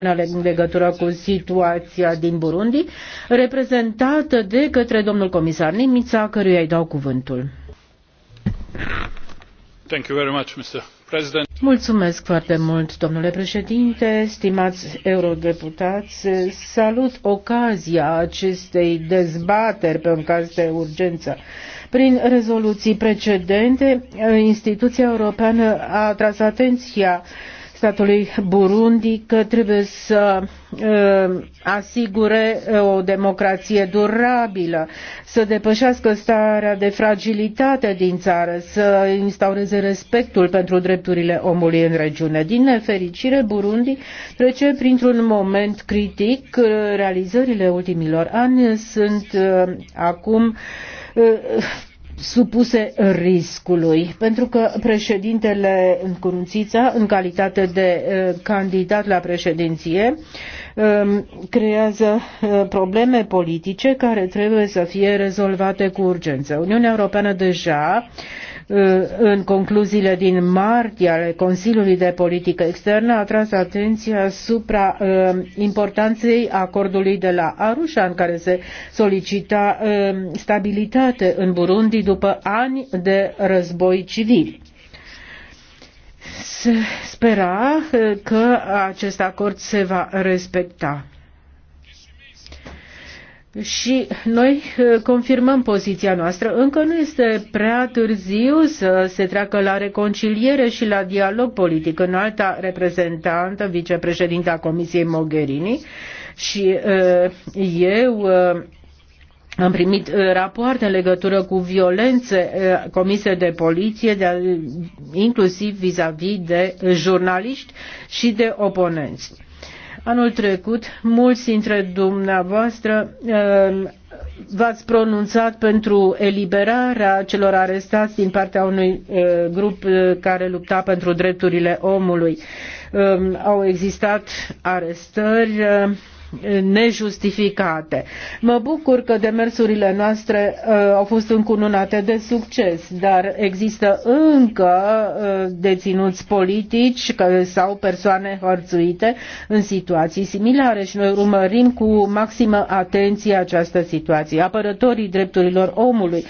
în legătură cu situația din Burundi, reprezentată de către domnul comisar Nimița, căruia îi dau cuvântul. Thank you very much, Mr. President. Mulțumesc foarte mult, domnule președinte, stimați eurodeputați. Salut ocazia acestei dezbateri pe un caz de urgență. Prin rezoluții precedente, instituția europeană a tras atenția uh, statului Burundi că trebuie să uh, asigure o democrație durabilă, să depășească starea de fragilitate din țară, să instaureze respectul pentru drepturile omului în regiune. Din nefericire, Burundi trece printr-un moment critic. Realizările ultimilor ani sunt uh, acum uh, supuse riscului, pentru că președintele Curunțița, în calitate de eh, candidat la președinție, eh, creează eh, probleme politice care trebuie să fie rezolvate cu urgență. Uniunea Europeană deja Uh, în concluziile din martie ale Consiliului de Politică Externă a tras atenția asupra uh, importanței acordului de la Arusha în care se solicita uh, stabilitate în Burundi după ani de război civil. Se spera că acest acord se va respecta. Și noi eh, confirmăm poziția noastră. Încă nu este prea târziu să se treacă la reconciliere și la dialog politic. În alta reprezentantă, vicepreședinta Comisiei Mogherini și eh, eu eh, am primit rapoarte în legătură cu violențe comise de poliție, de, inclusiv vis-a-vis -vis de jurnaliști și de oponenți. Anul trecut, mulți dintre dumneavoastră uh, v-ați pronunțat pentru eliberarea celor arestați din partea unui uh, grup uh, care lupta pentru drepturile omului. Au existat arestări nejustificate. Mă bucur că demersurile noastre uh, au fost încununate de succes, dar există încă uh, deținuți politici că, sau persoane hărțuite în situații similare și noi urmărim cu maximă atenție această situație. Apărătorii drepturilor omului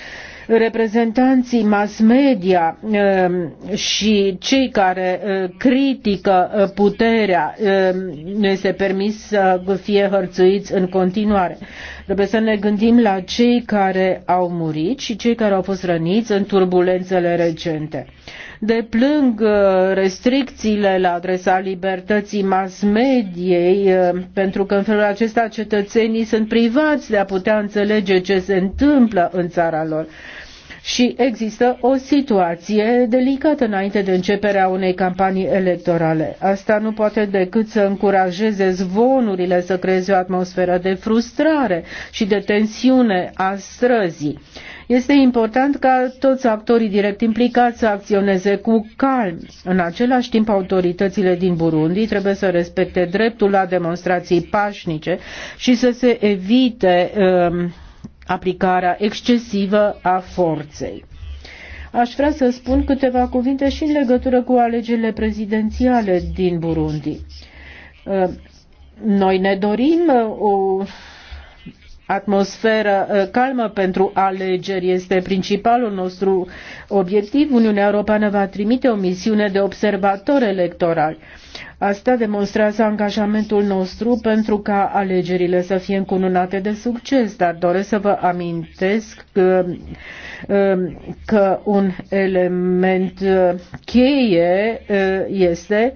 reprezentanții mass media um, și cei care uh, critică uh, puterea um, ne este permis să fie hărțuiți în continuare. Trebuie să ne gândim la cei care au murit și cei care au fost răniți în turbulențele recente deplâng uh, restricțiile la adresa libertății mass mediei, uh, pentru că în felul acesta cetățenii sunt privați de a putea înțelege ce se întâmplă în țara lor. Și există o situație delicată înainte de începerea unei campanii electorale. Asta nu poate decât să încurajeze zvonurile să creeze o atmosferă de frustrare și de tensiune a străzii. Este important ca toți actorii direct implicați să acționeze cu calm. În același timp, autoritățile din Burundi trebuie să respecte dreptul la demonstrații pașnice și să se evite um, aplicarea excesivă a forței. Aș vrea să spun câteva cuvinte și în legătură cu alegerile prezidențiale din Burundi. Um, noi ne dorim uh, o atmosferă uh, calmă pentru alegeri este principalul nostru obiectiv. Uniunea Europeană va trimite o misiune de observatori electorali. Asta demonstrează angajamentul nostru pentru ca alegerile să fie încununate de succes, dar doresc să vă amintesc că, um, um, că un element uh, cheie uh, este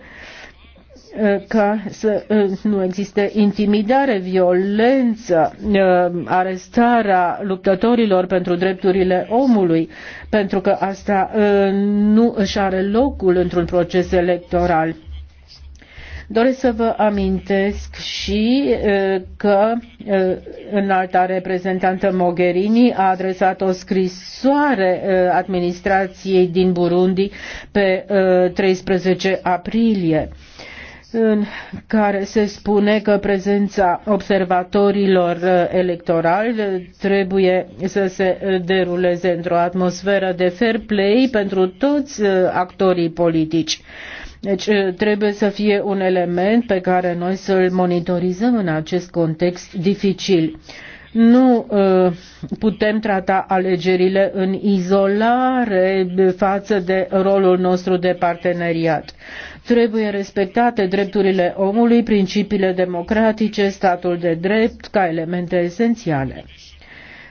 ca să uh, nu existe intimidare, violență, uh, arestarea luptătorilor pentru drepturile omului, pentru că asta uh, nu își are locul într-un proces electoral. Doresc să vă amintesc și că înalta reprezentantă Mogherini a adresat o scrisoare administrației din Burundi pe 13 aprilie în care se spune că prezența observatorilor uh, electorali uh, trebuie să se uh, deruleze într-o atmosferă de fair play pentru toți actorii politici. Deci trebuie să fie un element pe care noi să-l monitorizăm în acest context dificil. Nu uh, putem trata alegerile în izolare față de rolul nostru de parteneriat. Trebuie respectate drepturile omului, principiile democratice, statul de drept ca elemente esențiale.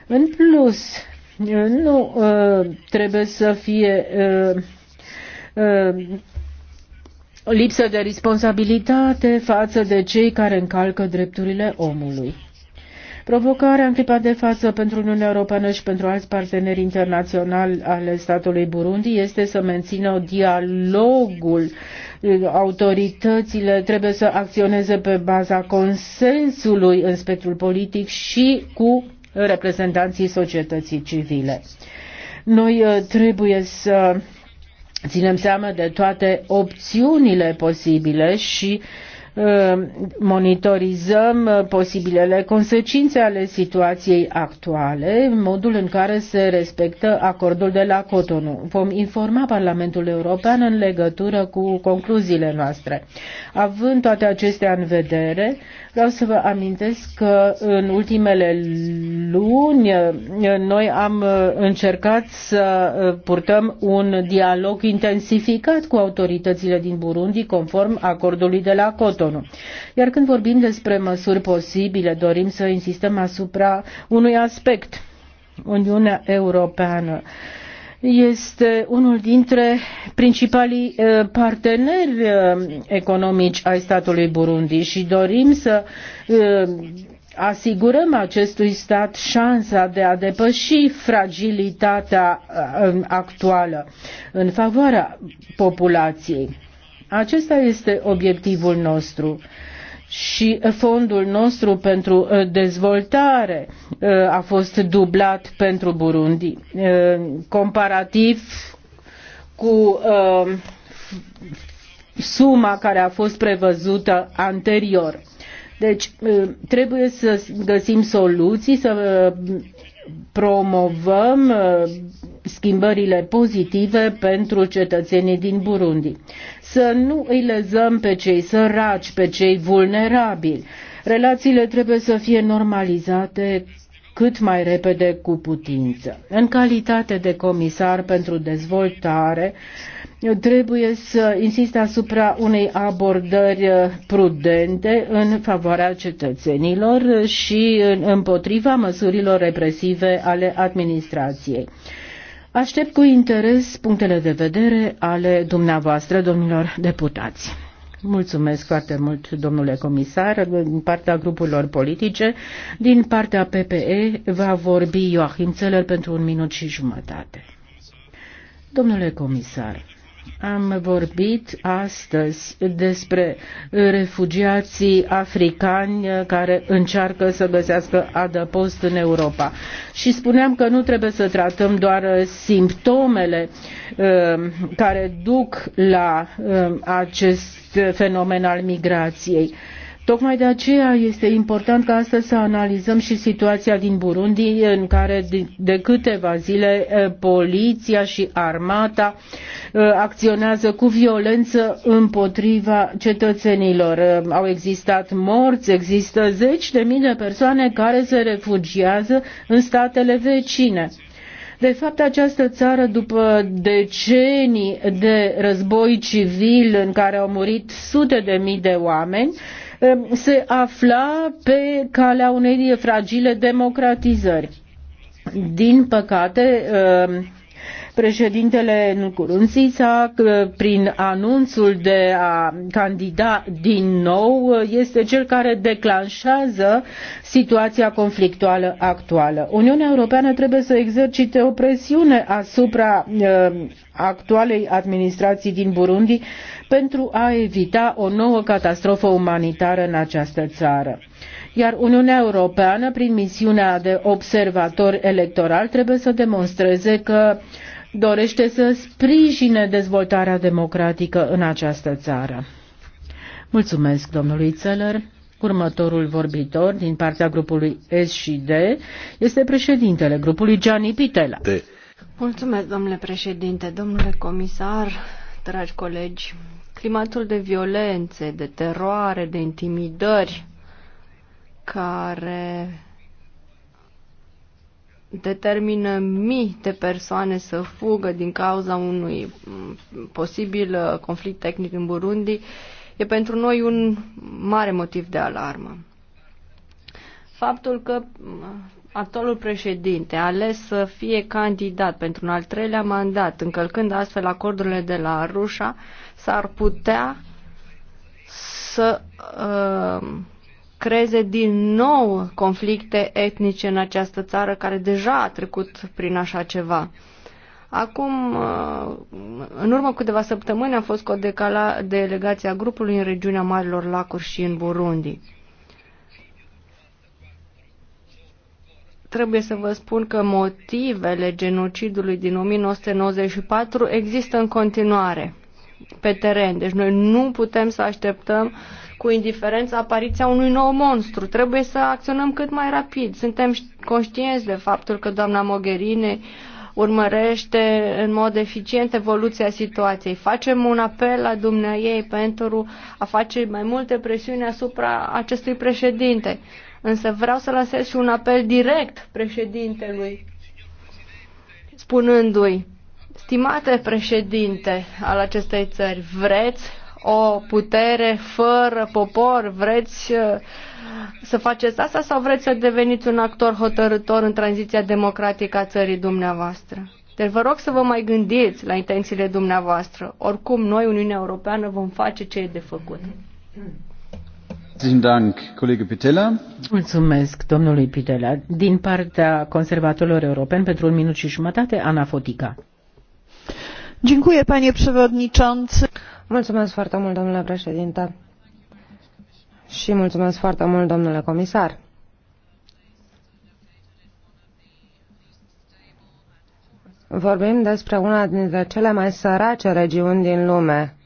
În plus, uh, nu uh, trebuie să fie lipsă de responsabilitate față de cei care încalcă drepturile omului. Provocarea în clipa de față pentru Uniunea Europeană și pentru alți parteneri internaționali ale statului Burundi este să mențină dialogul. Autoritățile trebuie să acționeze pe baza consensului în spectrul politic și cu reprezentanții societății civile. Noi uh, trebuie să ținem seama de toate opțiunile posibile și uh, Uh, monitorizăm uh, posibilele consecințe ale situației actuale, modul în care se respectă acordul de la Cotonou. Vom informa Parlamentul European în legătură cu concluziile noastre. Având toate acestea în vedere, vreau să vă amintesc că în ultimele luni uh, noi am încercat să purtăm un dialog intensificat cu autoritățile din Burundi conform acordului de la Cotonou. Cotonul. Iar când vorbim despre măsuri posibile, dorim să insistăm asupra unui aspect. Uniunea Europeană este unul dintre principalii eh, parteneri eh, economici ai statului Burundi și dorim să eh, asigurăm acestui stat șansa de a depăși fragilitatea actuală în favoarea populației. Acesta este obiectivul nostru și fondul nostru pentru uh, dezvoltare uh, a fost dublat pentru Burundi, uh, comparativ cu suma care a fost prevăzută anterior. Deci trebuie să găsim soluții, să promovăm schimbările pozitive pentru cetățenii din Burundi să nu îi lezăm pe cei săraci, pe cei vulnerabili. Relațiile trebuie să fie normalizate cât mai repede cu putință. În calitate de comisar pentru dezvoltare, trebuie să insiste asupra unei abordări prudente în favoarea cetățenilor și împotriva măsurilor represive ale administrației. Aștept cu interes punctele de vedere ale dumneavoastră, domnilor deputați. Mulțumesc foarte mult, domnule comisar. Din partea grupurilor politice, din partea PPE, va vorbi Joachim Țeler pentru un minut și jumătate. Domnule comisar, am vorbit astăzi despre refugiații africani care încearcă să găsească adăpost în Europa. Și spuneam că nu trebuie să tratăm doar simptomele um, care duc la um, acest fenomen al migrației Tocmai de aceea este important ca astăzi să analizăm și situația din Burundi, în care de câteva zile poliția și armata acționează cu violență împotriva cetățenilor. Au existat morți, există zeci de mii de persoane care se refugiază în statele vecine. De fapt, această țară, după decenii de război civil în care au murit sute de mii de oameni, se afla pe calea unei fragile democratizări. Din păcate, președintele Nucurunțița, eh, prin anunțul de a candida din nou, eh, este cel care declanșează situația conflictuală actuală. Uniunea Europeană trebuie să exercite o presiune asupra eh, actualei administrații din Burundi pentru a evita o nouă catastrofă umanitară în această țară. Iar Uniunea Europeană, prin misiunea de observator electoral, trebuie să demonstreze că dorește să sprijine dezvoltarea democratică în această țară. Mulțumesc domnului Țeler. Următorul vorbitor din partea grupului S și D este președintele grupului Gianni Pitela. De. Mulțumesc, domnule președinte, domnule comisar, dragi colegi climatul de violențe, de teroare, de intimidări care determină mii de persoane să fugă din cauza unui posibil conflict tehnic în Burundi, e pentru noi un mare motiv de alarmă. Faptul că actualul președinte ales să fie candidat pentru un al treilea mandat, încălcând astfel acordurile de la Rușa, s-ar putea să uh, creeze din nou conflicte etnice în această țară care deja a trecut prin așa ceva. Acum, uh, în urmă cu câteva săptămâni, a fost cu delegația delegație a grupului în regiunea Marilor Lacuri și în Burundi. trebuie să vă spun că motivele genocidului din 1994 există în continuare pe teren. Deci noi nu putem să așteptăm cu indiferență apariția unui nou monstru. Trebuie să acționăm cât mai rapid. Suntem conștienți de faptul că doamna Mogherini urmărește în mod eficient evoluția situației. Facem un apel la dumneaei pentru a face mai multe presiuni asupra acestui președinte. Însă vreau să lăsesc și un apel direct președintelui, spunându-i, stimate președinte al acestei țări, vreți o putere fără popor, vreți uh, să faceți asta sau vreți să deveniți un actor hotărător în tranziția democratică a țării dumneavoastră? Deci vă rog să vă mai gândiți la intențiile dumneavoastră. Oricum, noi, Uniunea Europeană, vom face ce e de făcut. Mulțumesc, domnului Pitela. Din partea conservatorilor europeni, pentru un minut și jumătate, Ana Fotica. Mulțumesc foarte mult, domnule președinte. Și mulțumesc foarte mult, domnule comisar. Vorbim despre una dintre cele mai sărace regiuni din lume.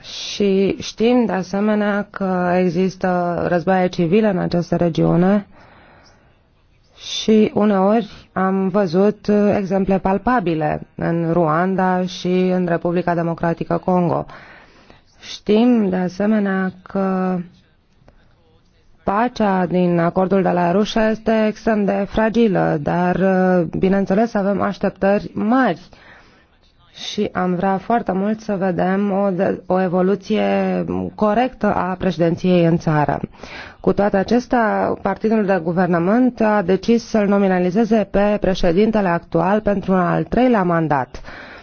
Și știm de asemenea că există războaie civile în această regiune și uneori am văzut exemple palpabile în Ruanda și în Republica Democratică Congo. Știm, de asemenea, că pacea din acordul de la Rușa este extrem de fragilă, dar, uh, bineînțeles, avem așteptări mari și am vrea foarte mult să vedem o, de, o evoluție corectă a președinției în țară. Cu toate acestea, partidul de guvernământ a decis să-l nominalizeze pe președintele actual pentru un al treilea mandat. Uh,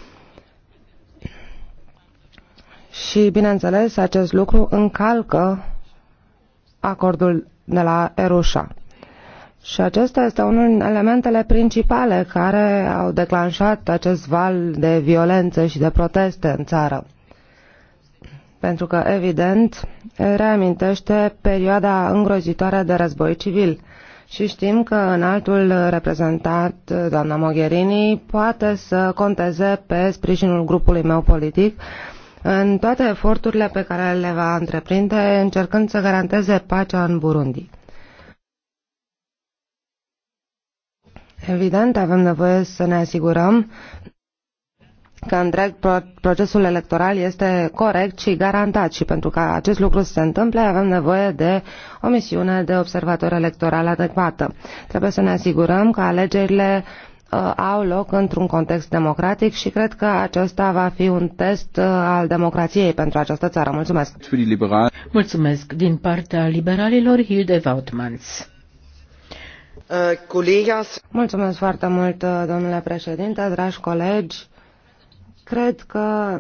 și, bineînțeles, acest lucru încalcă acordul de la Erușa. Și acesta este unul din elementele principale care au declanșat acest val de violență și de proteste în țară. Pentru că, evident, reamintește perioada îngrozitoare de război civil. Și știm că în altul reprezentat, doamna Mogherini, poate să conteze pe sprijinul grupului meu politic în toate eforturile pe care le va întreprinde încercând să garanteze pacea în Burundi. Evident, avem nevoie să ne asigurăm că întreg procesul electoral este corect și garantat și pentru ca acest lucru să se întâmple avem nevoie de o misiune de observator electoral adecvată. Trebuie să ne asigurăm că alegerile uh, Uh, au loc într-un context democratic și cred că acesta va fi un test uh, al democrației pentru această țară. Mulțumesc! Mulțumesc din partea liberalilor Hilde Vautmans. Uh, Mulțumesc foarte mult, domnule președinte, dragi colegi Cred că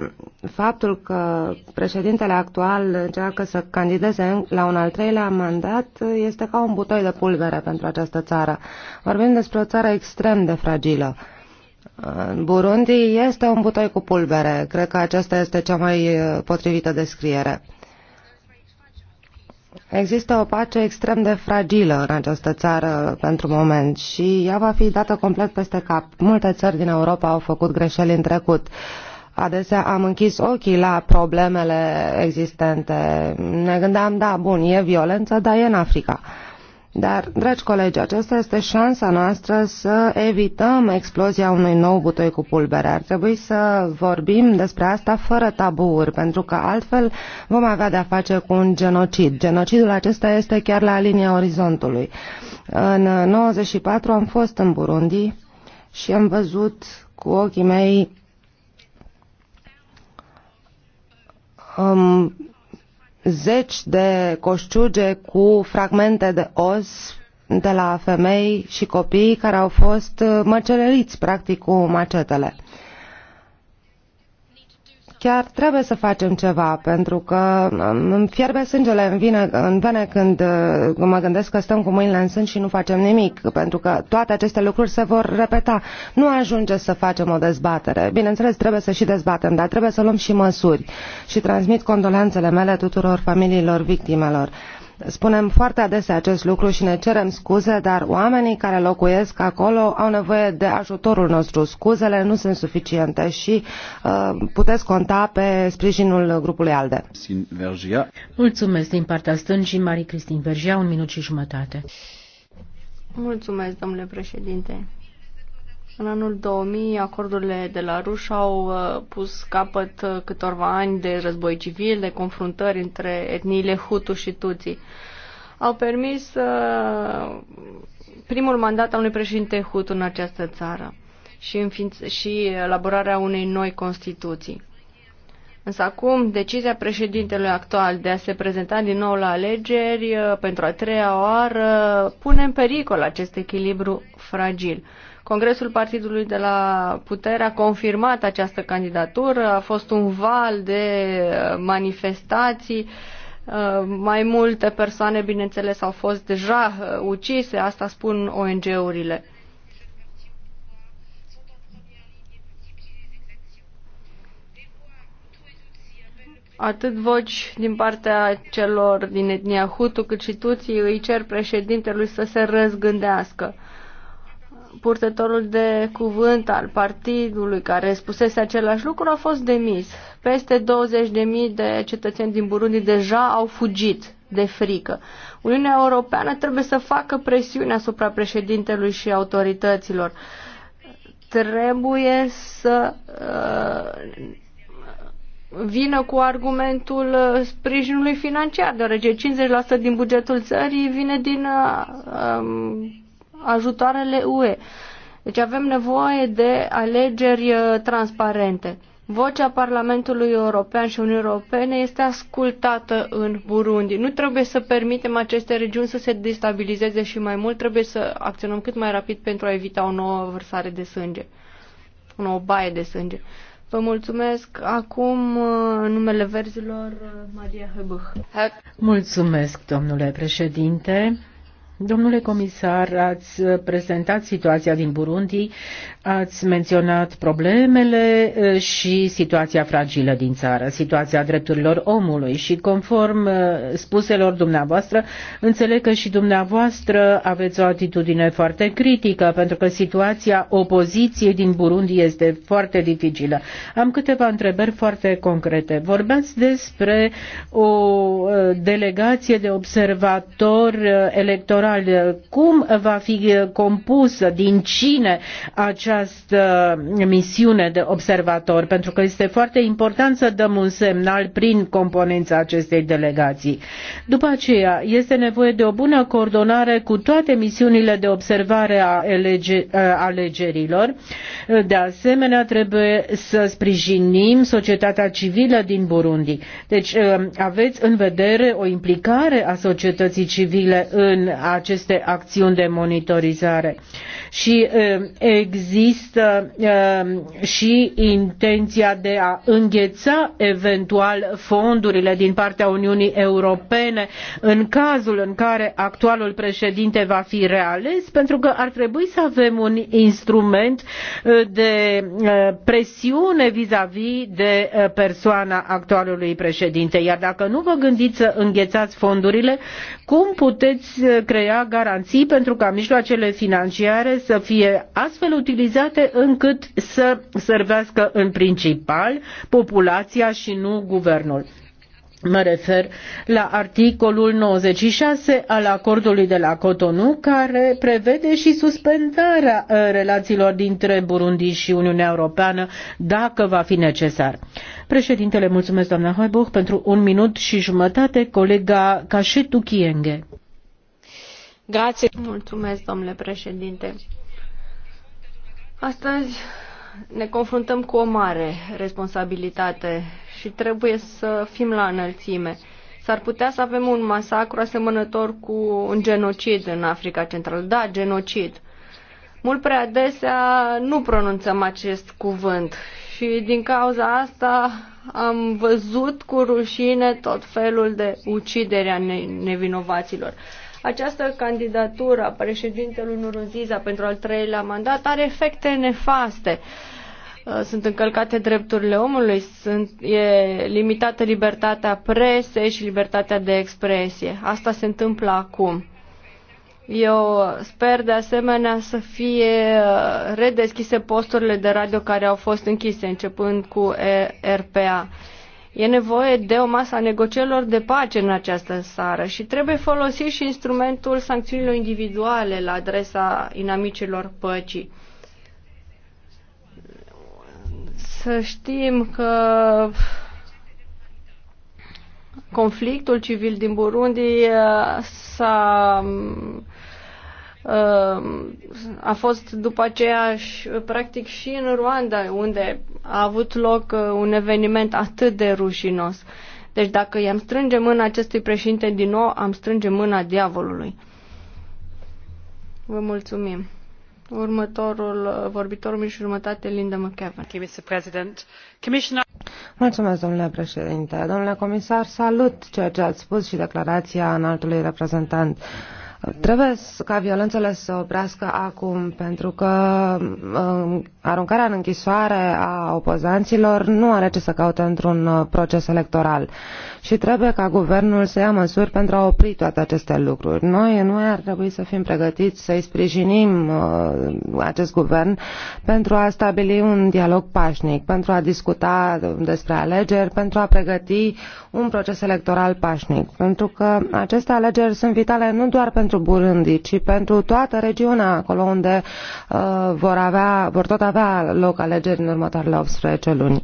faptul că președintele actual încearcă să candideze la un al treilea mandat este ca un butoi de pulbere pentru această țară. Vorbim despre o țară extrem de fragilă. Burundi este un butoi cu pulbere. Cred că aceasta este cea mai eh, potrivită descriere. Există o pace extrem de fragilă în această țară pentru moment și ea va fi dată complet peste cap. Multe țări din Europa au făcut greșeli în trecut. Adesea am închis ochii la problemele existente. Ne gândeam, da, bun, e violență, dar e în Africa. Dar, dragi colegi, aceasta este șansa noastră să evităm explozia unui nou butoi cu pulbere. Ar trebui să vorbim despre asta fără taburi, pentru că altfel vom avea de-a face cu un genocid. Genocidul acesta este chiar la linia orizontului. În 94 am fost în Burundi și am văzut cu ochii mei um, zeci de coșciuge cu fragmente de os de la femei și copii care au fost uh, măcelăriți practic cu macetele chiar trebuie să facem ceva, pentru că um, îmi fierbe sângele în, vine, în vene când uh, mă gândesc că stăm cu mâinile în sân și nu facem nimic, pentru că toate aceste lucruri se vor repeta. Nu ajunge să facem o dezbatere. Bineînțeles, trebuie să și dezbatem, dar trebuie să luăm și măsuri. Și transmit condolențele mele tuturor familiilor victimelor. Spunem foarte adesea acest lucru și ne cerem scuze, dar oamenii care locuiesc acolo au nevoie de ajutorul nostru. Scuzele nu sunt suficiente și uh, puteți conta pe sprijinul grupului ALDE. Mulțumesc din partea stângii, Marie Cristin Vergia, un minut și jumătate. Mulțumesc, domnule președinte. În anul 2000, acordurile de la Ruș au uh, pus capăt uh, câtorva ani de război civil, de confruntări între etniile Hutu și Tutsi. Au permis uh, primul mandat al unui președinte Hutu în această țară și, înființ- și elaborarea unei noi constituții. Însă acum, decizia președintelui actual de a se prezenta din nou la alegeri pentru a treia oară pune în pericol acest echilibru fragil Congresul Partidului de la Putere a confirmat această candidatură, a fost un val de uh, manifestații, uh, mai multe persoane, bineînțeles, au fost deja uh, ucise, asta spun ONG-urile. Atât voci din partea celor din etnia Hutu, cât și tuții îi cer președintelui să se răzgândească purtătorul de cuvânt al partidului care spusese același lucru a fost demis. Peste 20.000 de cetățeni din Burundi deja au fugit de frică. Uniunea Europeană trebuie să facă presiune asupra președintelui și autorităților. Trebuie să uh, vină cu argumentul uh, sprijinului financiar, deoarece 50% din bugetul țării vine din uh, um, ajutoarele UE. Deci avem nevoie de alegeri uh, transparente. Vocea Parlamentului European și Uniunii Europene este ascultată în Burundi. Nu trebuie să permitem aceste regiuni să se destabilizeze și mai mult, trebuie să acționăm cât mai rapid pentru a evita o nouă vărsare de sânge, o nouă baie de sânge. Vă mulțumesc. Acum, uh, în numele verzilor, uh, Maria Hăbâh. Mulțumesc, domnule președinte. Domnule comisar, ați prezentat situația din Burundi, ați menționat problemele eh, și situația fragilă din țară, situația drepturilor omului și conform eh, spuselor dumneavoastră, înțeleg că și dumneavoastră aveți o atitudine foarte critică pentru că situația opoziției din Burundi este foarte dificilă. Am câteva întrebări foarte concrete. Vorbeați despre o eh, delegație de observatori electorali electoral, cum va fi compusă, din cine această misiune de observator, pentru că este foarte important să dăm un semnal prin componența acestei delegații. După aceea, este nevoie de o bună coordonare cu toate misiunile de observare a alegerilor. De asemenea, trebuie să sprijinim societatea civilă din Burundi. Deci, aveți în vedere o implicare a societății civile în aceste acțiuni de monitorizare. Și um, există um, și intenția de a îngheța eventual fondurile din partea Uniunii Europene în cazul în care actualul președinte va fi reales, pentru că ar trebui să avem un instrument uh, de uh, presiune vis-a-vis de uh, persoana actualului președinte. Iar dacă nu vă gândiți să înghețați fondurile, cum puteți crea aceea garanții pentru ca mijloacele financiare să fie astfel utilizate încât să servească în principal populația și nu guvernul. Mă refer la articolul 96 al acordului de la Cotonou, care prevede și suspendarea uh, relațiilor dintre Burundi și Uniunea Europeană, dacă va fi necesar. Președintele, mulțumesc doamna Hoibuch pentru un minut și jumătate, colega Cașetu Chienghe. Mulțumesc, domnule președinte. Astăzi ne confruntăm cu o mare responsabilitate și trebuie să fim la înălțime. S-ar putea să avem un masacru asemănător cu un genocid în Africa Centrală. Da, genocid. Mult prea adesea nu pronunțăm acest cuvânt și din cauza asta am văzut cu rușine tot felul de ucidere a nevinovaților. Această candidatură a președintelui Nuruziza pentru al treilea mandat are efecte nefaste. Uh, sunt încălcate drepturile omului, sunt, e limitată libertatea presei și libertatea de expresie. Asta se întâmplă acum. Eu sper de asemenea să fie uh, redeschise posturile de radio care au fost închise, începând cu RPA. E nevoie de o masă a negocierilor de pace în această țară și trebuie folosit și instrumentul sancțiunilor individuale la adresa inamicilor păcii. Să știm că conflictul civil din Burundi uh, s-a uh, a fost după aceea și, practic și în Rwanda, unde a avut loc uh, un eveniment atât de rușinos. Deci dacă i-am strânge mâna acestui președinte din nou, am strânge mâna diavolului. Vă mulțumim. Următorul uh, vorbitor, și jumătate, Linda McKevin. Mulțumesc, domnule președinte. Domnule comisar, salut ceea ce ați spus și declarația înaltului reprezentant. Trebuie ca violențele să oprească acum, pentru că um, aruncarea în închisoare a opozanților nu are ce să caute într-un uh, proces electoral. Și trebuie ca guvernul să ia măsuri pentru a opri toate aceste lucruri. Noi nu ar trebui să fim pregătiți să-i sprijinim uh, acest guvern pentru a stabili un dialog pașnic, pentru a discuta despre alegeri, pentru a pregăti un proces electoral pașnic. Pentru că aceste alegeri sunt vitale nu doar pentru pentru Burundi, ci pentru toată regiunea acolo unde uh, vor, avea, vor tot avea loc alegeri în următoarele 18 luni.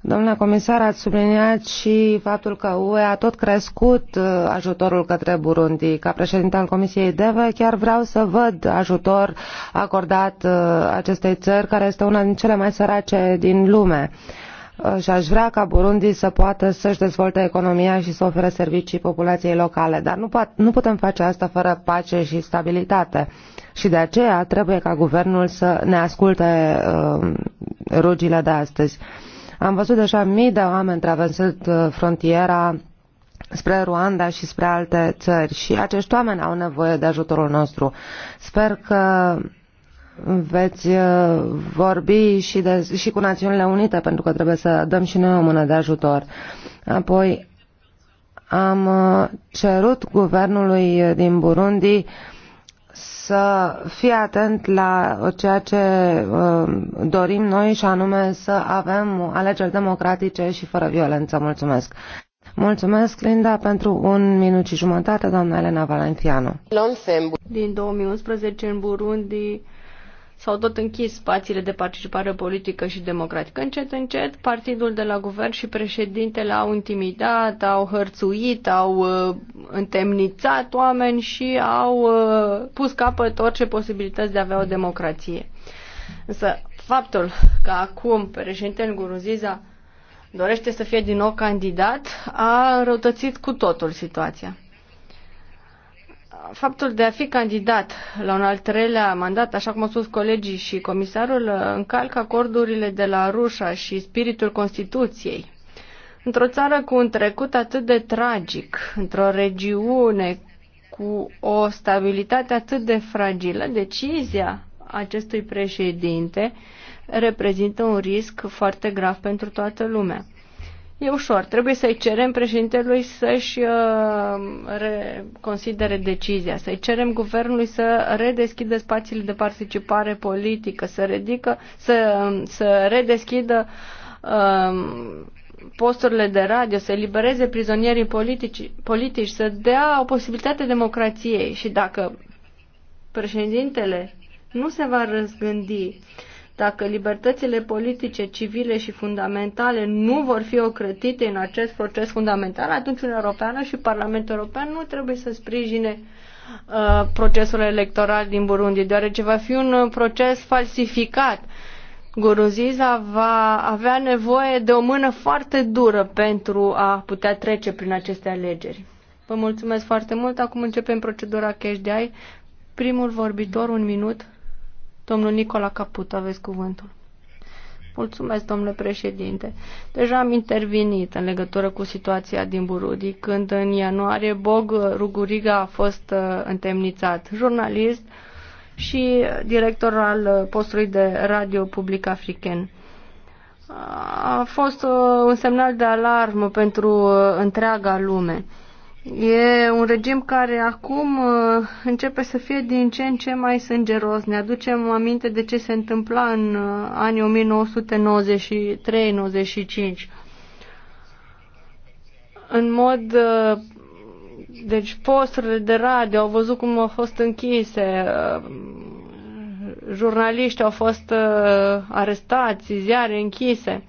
Domnule comisar, ați subliniat și faptul că UE a tot crescut uh, ajutorul către Burundi. Ca președinte al Comisiei DEVE, chiar vreau să văd ajutor acordat uh, acestei țări, care este una din cele mai sărace din lume. Uh, Uh, și aș vrea ca Burundi să poată să-și dezvolte economia și să ofere servicii populației locale, dar nu, nu putem face asta fără pace și stabilitate. Și de aceea trebuie ca guvernul să ne asculte uh, rugile de astăzi. Am văzut deja mii de oameni traversând uh, frontiera spre Ruanda și spre alte țări și acești oameni au nevoie de ajutorul nostru. Sper că veți uh, vorbi și, de, și cu Națiunile Unite, pentru că trebuie să dăm și noi o mână de ajutor. Apoi am uh, cerut guvernului din Burundi să fie atent la ceea ce uh, dorim noi și anume să avem alegeri democratice și fără violență. Mulțumesc! Mulțumesc, Linda, pentru un minut și jumătate, doamna Elena Valenciano. Din 2011 în Burundi s-au tot închis spațiile de participare politică și democratică. Încet, încet, partidul de la guvern și președintele au intimidat, au hărțuit, au uh, întemnițat oameni și au uh, pus capăt orice posibilități de a avea o democrație. Însă faptul că acum președintele Guruziza dorește să fie din nou candidat a răutățit cu totul situația faptul de a fi candidat la un al treilea mandat, așa cum au spus colegii și comisarul, încalcă acordurile de la Rușa și spiritul Constituției. Într-o țară cu un trecut atât de tragic, într-o regiune cu o stabilitate atât de fragilă, decizia acestui președinte reprezintă un risc foarte grav pentru toată lumea. E ușor. Trebuie să-i cerem președintelui să-și uh, considere decizia, să-i cerem guvernului să redeschidă spațiile de participare politică, să, ridică, să, să redeschidă um, posturile de radio, să elibereze prizonierii politici, politici, să dea o posibilitate democrației și dacă președintele nu se va răzgândi uh, dacă libertățile politice, civile și fundamentale nu vor fi ocrătite în acest proces fundamental, atunci Uniunea Europeană și Parlamentul European nu trebuie să sprijine uh, procesul electoral din Burundi, deoarece va fi un uh, proces falsificat. Guruziza va avea nevoie de o mână foarte dură pentru a putea trece prin aceste alegeri. Vă mulțumesc foarte mult. Acum începem procedura cash de ai. Primul vorbitor, un minut. Domnul Nicola Caput, aveți cuvântul. Mulțumesc, domnule președinte. Deja am intervenit în legătură cu situația din Burudi, când în ianuarie Bog Ruguriga a fost uh, întemnițat, jurnalist și director al postului de radio public african. A fost uh, un semnal de alarmă pentru uh, întreaga lume. E un regim care acum uh, începe să fie din ce în ce mai sângeros. Ne aducem aminte de ce se întâmpla în uh, anii 1993-95. În mod uh, deci posturile de radio au văzut cum au fost închise, jurnaliști au fost arestați, ziare închise.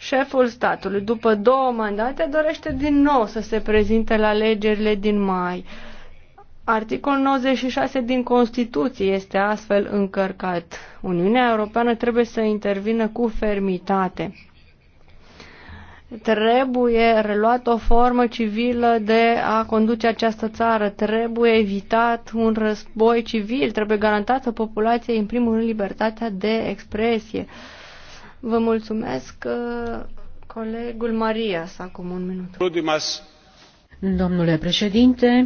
Șeful statului, după două mandate, dorește din nou să se prezinte la alegerile din mai. Articolul 96 din Constituție este astfel încărcat. Uniunea Europeană trebuie să intervină cu fermitate. Trebuie reluat o formă civilă de a conduce această țară, trebuie evitat un război civil, trebuie garantată populației, în primul rând, libertatea de expresie. Uh, Vă mulțumesc. Uh, colegul Maria, să acum un minut. Domnule președinte,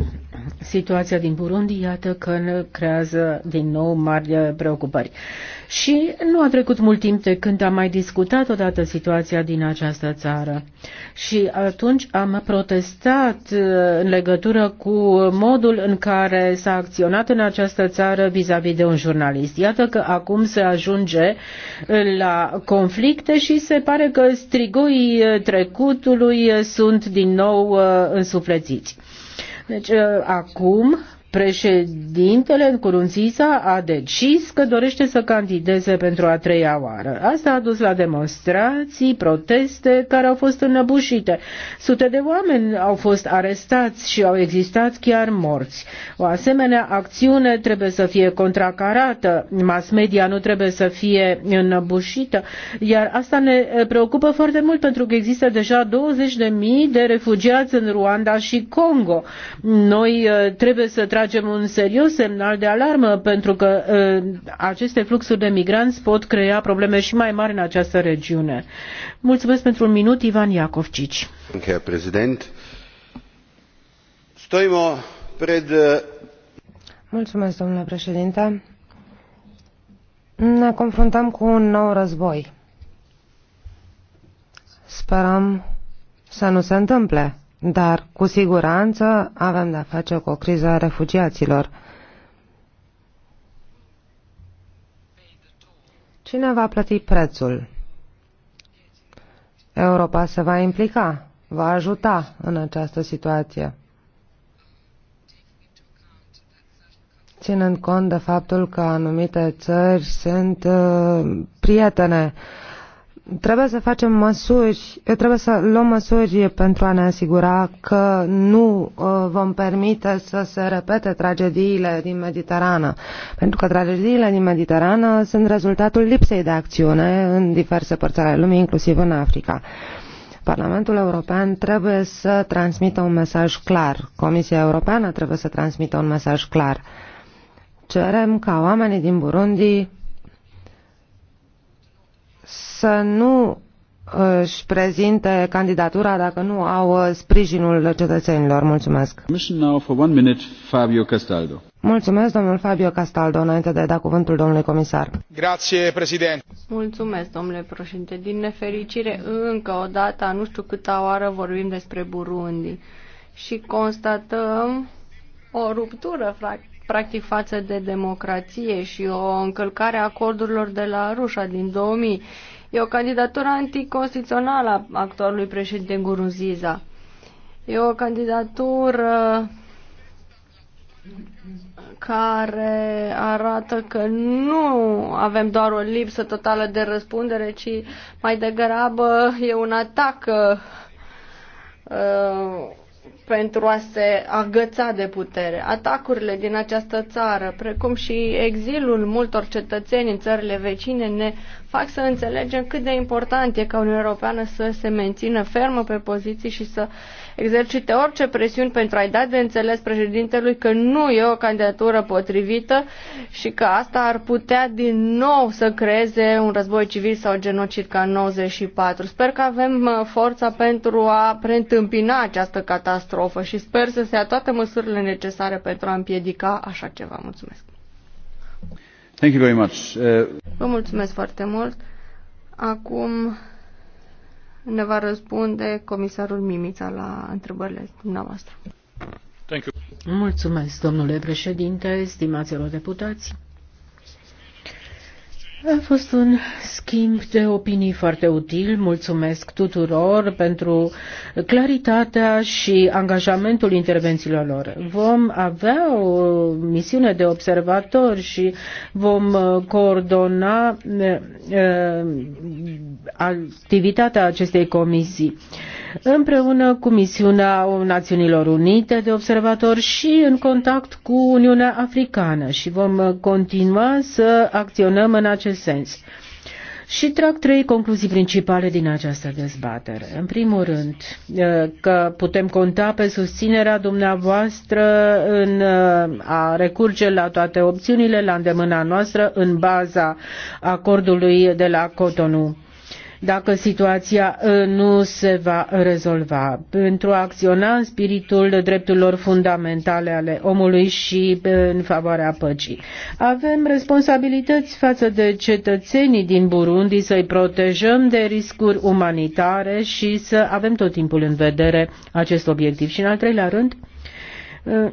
situația din Burundi, iată că creează din nou mari preocupări și nu a trecut mult timp de când am mai discutat odată situația din această țară. Și atunci am protestat uh, în legătură cu modul în care s-a acționat în această țară vis-a-vis -vis de un jurnalist. Iată că acum se ajunge uh, la conflicte și se pare că strigoii uh, trecutului sunt din nou însuflețiți. Deci acum Președintele Curunțița a decis că dorește să candideze pentru a treia oară. Asta a dus la demonstrații, proteste care au fost înăbușite. Sute de oameni au fost arestați și au existat chiar morți. O asemenea acțiune trebuie să fie contracarată, mass media nu trebuie să fie înăbușită, iar asta ne preocupă foarte mult pentru că există deja 20.000 de refugiați în Ruanda și Congo. Noi uh, trebuie să tragem un serios semnal de alarmă pentru că ă, aceste fluxuri de migranți pot crea probleme și mai mari în această regiune. Mulțumesc pentru un minut, Ivan Iacovcici. Ă, Mulțumesc, domnule președinte. Ne confruntăm cu un nou război. Sperăm să nu se întâmple dar cu siguranță avem de-a face cu o criză a refugiaților. Cine va plăti prețul? Europa se va implica, va ajuta în această situație. Ținând cont de faptul că anumite țări sunt uh, prietene uh, Trebuie să facem măsuri, trebuie să luăm măsuri pentru a ne asigura că nu uh, vom permite să se repete tragediile din Mediterană. Pentru că tragediile din Mediterană sunt rezultatul lipsei de acțiune în diverse părți ale lumii, inclusiv în Africa. Parlamentul European trebuie să transmită un mesaj clar. Comisia Europeană trebuie să transmită un mesaj clar. Cerem ca oamenii din Burundi să nu își prezinte candidatura dacă nu au uh, sprijinul cetățenilor. Mulțumesc. Minute, Fabio Castaldo. Mulțumesc, domnul Fabio Castaldo, înainte de a da cuvântul domnului comisar. Grație, președinte. Mulțumesc, domnule președinte. Din nefericire, încă o dată, nu știu câta oară vorbim despre Burundi și constatăm o ruptură, practic, față de democrație și o încălcare a acordurilor de la Rușa din 2000 E o candidatură anticonstituțională a actualului președinte Guruziza. E o candidatură care arată că nu avem doar o lipsă totală de răspundere, ci mai degrabă e un atac uh, pentru a se agăța de putere. Atacurile din această țară, precum și exilul multor cetățeni în țările vecine, ne fac să înțelegem cât de important e ca Uniunea Europeană să se mențină fermă pe poziții și să uh, exercite orice presiuni pentru a-i da de înțeles președintelui că nu e o candidatură potrivită și că asta ar putea din nou să creeze un război civil sau genocid ca în 94. Sper că avem uh, forța pentru a preîntâmpina această catastrofă și sper să se ia toate măsurile necesare pentru a împiedica așa ceva. Mulțumesc! Thank you very much. Uh... Vă mulțumesc foarte mult. Acum ne va răspunde comisarul Mimița la întrebările dumneavoastră. Thank you. Mulțumesc, domnule președinte, stimaților deputați. A fost un schimb de opinii foarte util. Mulțumesc tuturor pentru claritatea și angajamentul intervențiilor lor. Vom avea o misiune de observator și vom coordona eh, eh, activitatea acestei comisii împreună cu misiunea Națiunilor Unite de observator și în contact cu Uniunea Africană și vom continua să acționăm în acest sens. Și trag trei concluzii principale din această dezbatere. În primul rând, că putem conta pe susținerea dumneavoastră în a recurge la toate opțiunile la îndemâna noastră în baza acordului de la Cotonou dacă situația uh, nu se va rezolva. Pentru a acționa în spiritul drepturilor fundamentale ale omului și uh, în favoarea păcii. Avem responsabilități față de cetățenii din Burundi să-i protejăm de riscuri umanitare și să avem tot timpul în vedere acest obiectiv. Și în al treilea rând, uh,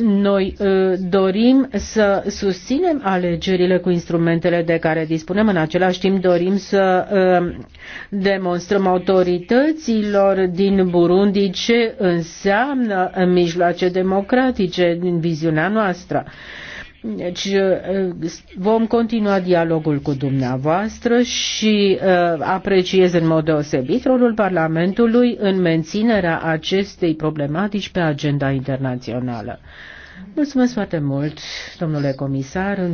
noi uh, dorim să susținem alegerile cu instrumentele de care dispunem, în același timp dorim să uh, demonstrăm autorităților din Burundi ce înseamnă mijloace democratice din viziunea noastră. Deci eh, vom continua dialogul cu dumneavoastră și eh, apreciez în mod deosebit rolul Parlamentului în menținerea acestei problematici pe agenda internațională. Mulțumesc foarte mult, domnule comisar.